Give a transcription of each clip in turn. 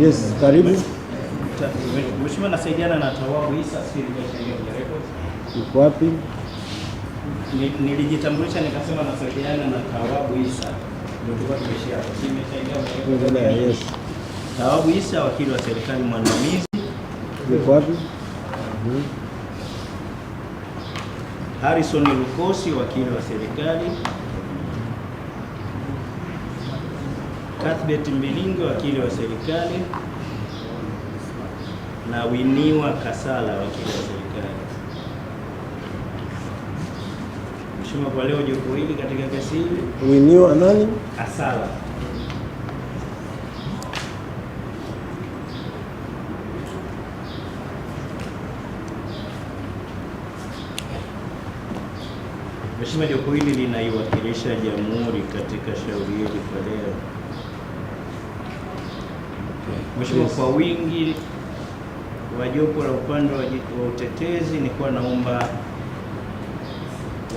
Yes, karibu. Mheshimiwa, nasaidiana na Tawabu Isa, uko wapi? Nilijitambulisha nikasema nasaidiana na Tawabu Isa. Tawabu Isa, wakili wa serikali mwandamizi yuko wapi? Mhm. Harrison Lukosi, wakili wa serikali. Cuthbert mbilinge wakili wa serikali, na Winiwa Kasala, wakili wa serikali. Mheshimiwa, kwa leo jopo hili katika kesi hili. Winiwa nani? Kasala. Mheshimiwa, jopo hili linaiwakilisha jamhuri katika shauri hili kwa leo. Mheshimiwa, yes. Kwa wingi wa jopo la upande wa utetezi nilikuwa naomba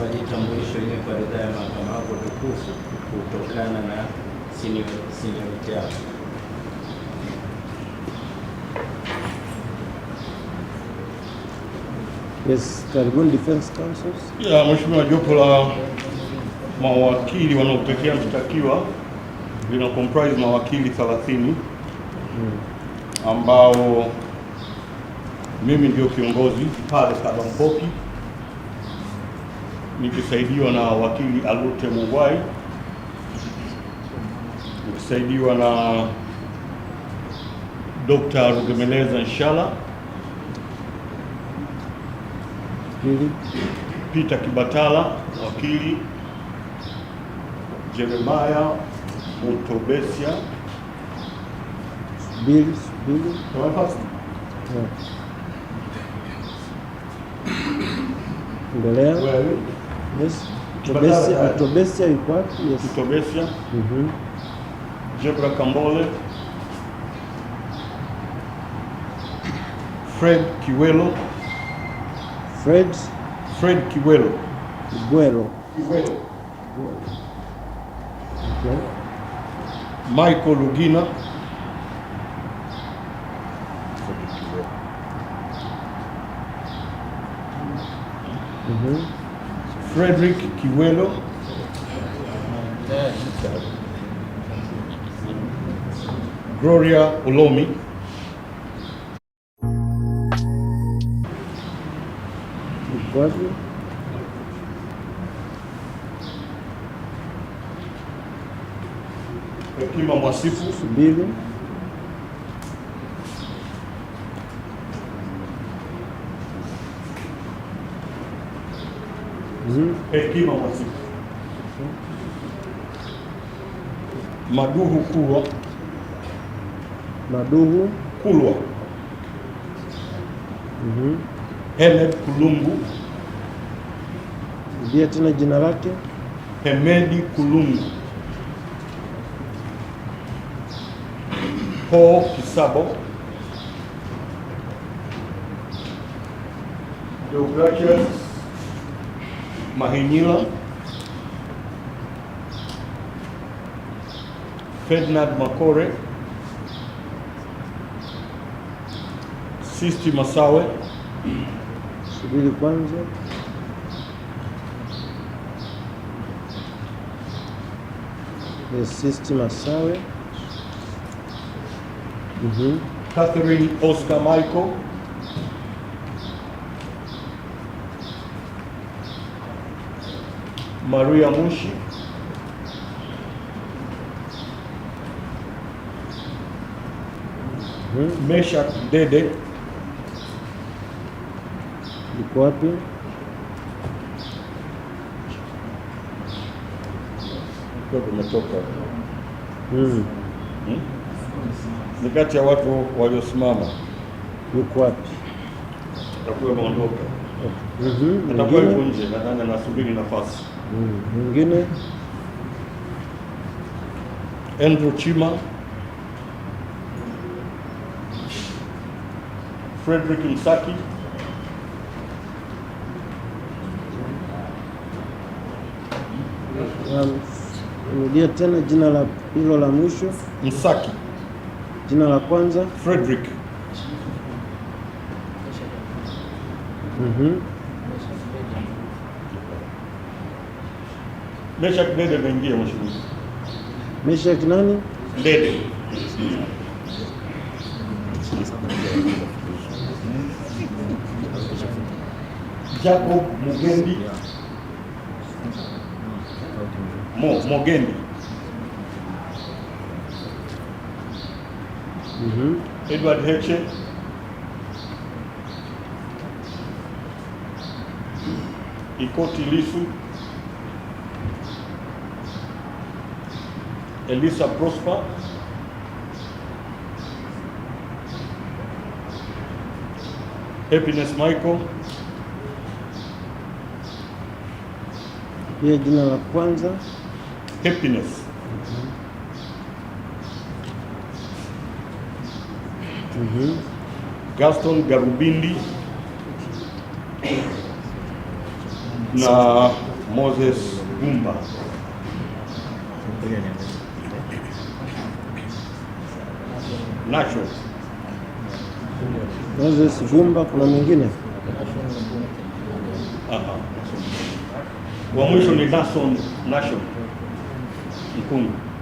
wajitambulisho wenyewe kwa ridhaa ya mahakama wako tukufu kutokana na seniority yao. Yes, karibuni Defense Counsels. Ya Mheshimiwa, jopo la mawakili wanaopekea mshtakiwa lina comprise mawakili 30 hmm. ambao mimi ndio kiongozi pale Mpoki nikisaidiwa na wakili Alute Mugwai nikisaidiwa na Dr. Rugemeleza Nshala Peter Kibatala, wakili Jeremaya Mutobesia Bili, Bili. Yes. Mm-hmm. Jebra Kambole Fred Kiwelo Fred Fred Kibwelo Kibwelo okay. Michael Lugina Mm-hmm. Frederick Kiwelo. Gloria Ulomi. vikwazo Hekima Mwasifu mbili Hekima Mwasifu Maduhu Kulwa Maduhu Kulwa mm -hmm. Heleb Kulungu Rudia tena jina lake. Hemedi Kulungu Po Kisabo. Deogratias Mahinyila Ferdinand Makore Sisti Masawe. Subiri kwanza. Sisti Masawe. mm -hmm. Catherine Oscar Michael. Maria Mushi. mm -hmm. Meshak Dede. Yuko wapi? vikiwa vimetoka mm. hmm? ni kati ya watu waliosimama. Yuko wapi? Atakuwa ameondoka, mhm. atakuwa yuko nje, nadhani anasubiri nafasi hmm. mwingine. Andrew Chima, Frederick Msaki um. Rudia tena jina la hilo la mwisho. Msaki. Jina la kwanza Frederick. Mhm. Meshak Dede ameingia mheshimiwa. Meshak nani? Dede. Jacob Mugendi. Mo Mogendi mm -hmm. Edward Heche Ikoti Lisu Elisa Prosper Happiness Michael. Hiyo jina la kwanza happiness. mm -hmm. Gaston Garubindi na Moses Gumba nacho Moses Gumba. Kuna mwingine wa mwisho ni Nason Nation 行くん